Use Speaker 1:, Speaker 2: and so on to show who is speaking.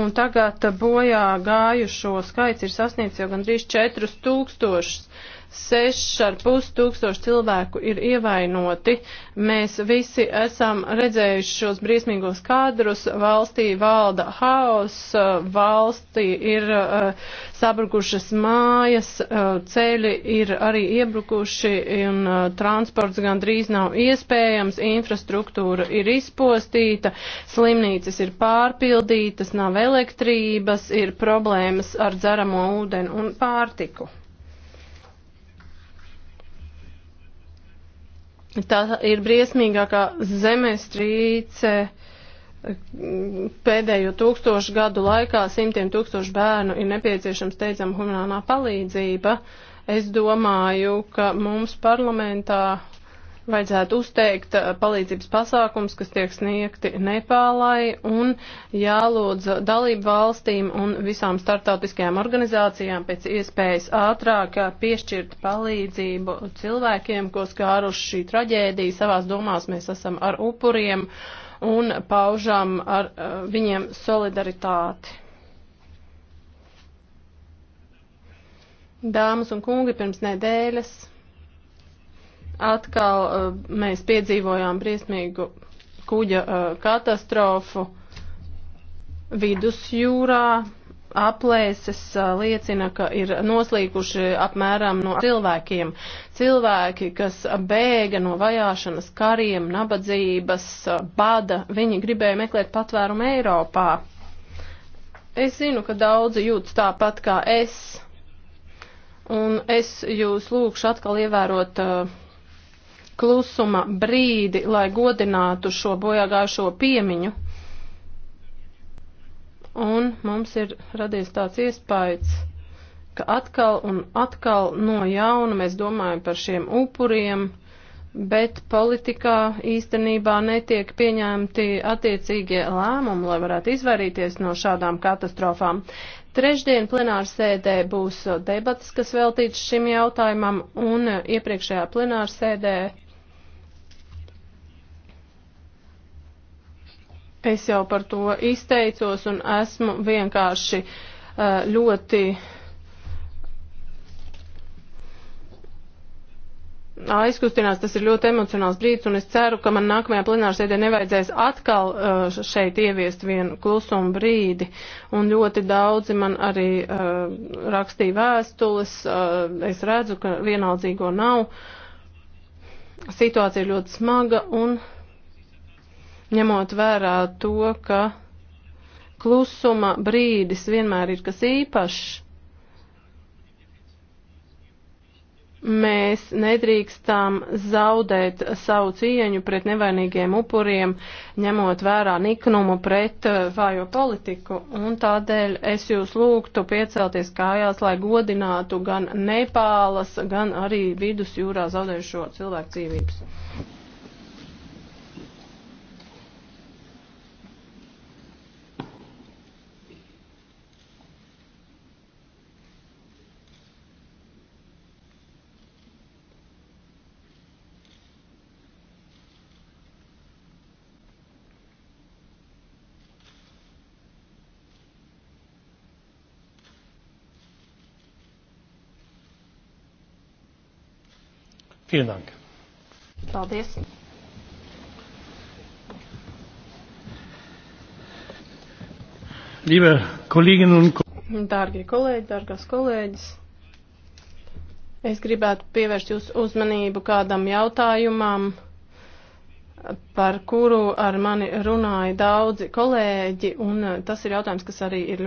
Speaker 1: un tagad bojā gājušo skaits ir sasniegts jau gandrīz 4000. 6,5 tūkstoši cilvēku ir ievainoti. Mēs visi esam redzējuši šos briesmīgos kadrus. Valstī valda haos, valstī ir uh, sabrukušas mājas, uh, ceļi ir arī iebrukuši un uh, transports gandrīz nav iespējams, infrastruktūra ir izpostīta, slimnīcas ir pārpildītas, nav elektrības, ir problēmas ar dzeramo ūdeni un pārtiku. Tā ir briesmīgākā zemestrīce pēdējo tūkstošu gadu laikā simtiem tūkstošu bērnu ir nepieciešama steidzama humanānā palīdzība. Es domāju, ka mums parlamentā vajadzētu uzteikt uh, palīdzības pasākums, kas tiek sniegti Nepālai un jālūdz dalību valstīm un visām startautiskajām organizācijām pēc iespējas ātrāk uh, piešķirt palīdzību cilvēkiem, ko skāruši šī traģēdija. Savās domās mēs esam ar upuriem un paužam ar uh, viņiem solidaritāti. Dāmas un kungi, pirms nedēļas Atkal uh, mēs piedzīvojām briesmīgu kuģa uh, katastrofu vidusjūrā. Aplēses uh, liecina, ka ir noslīkuši apmēram no cilvēkiem. Cilvēki, kas bēga no vajāšanas kariem, nabadzības, bada, viņi gribēja meklēt patvērumu Eiropā. Es zinu, ka daudzi jūtas tāpat kā es, un es jūs lūkšu atkal ievērot uh, klusuma brīdi, lai godinātu šo bojāgājušo piemiņu. Un mums ir radies tāds iespējas, ka atkal un atkal no jauna mēs domājam par šiem upuriem, bet politikā īstenībā netiek pieņemti attiecīgie lēmumi, lai varētu izvairīties no šādām katastrofām. Trešdien plenāra sēdē būs debatas, kas veltīts šim jautājumam, un iepriekšējā plenāra sēdē Es jau par to izteicos un esmu vienkārši eh, ļoti aizkustinās, tas ir ļoti emocionāls brīdis, un es ceru, ka man nākamajā plenāra sēdē nevajadzēs atkal uh, šeit ieviest vienu klusumu brīdi, un ļoti daudzi man arī uh, rakstīja vēstules, uh, es redzu, ka vienaldzīgo nav, situācija ir ļoti smaga, un ņemot vērā to, ka klusuma brīdis vienmēr ir kas īpašs. Mēs nedrīkstām zaudēt savu cieņu pret nevainīgiem upuriem, ņemot vērā niknumu pret eh, vājo politiku, un tādēļ es jūs lūgtu piecelties kājās, lai godinātu gan Nepālas, gan arī vidusjūrā zaudējušo cilvēku dzīvības. Vielen Dank. Paldies. Liebe Kolleginnen und Kollegen. Dārgie kolēģi, dārgās kolēģis. Es gribētu pievērst jūsu uzmanību kādam jautājumam, par kuru ar mani runāja daudzi kolēģi, un tas ir jautājums, kas arī ir ļoti.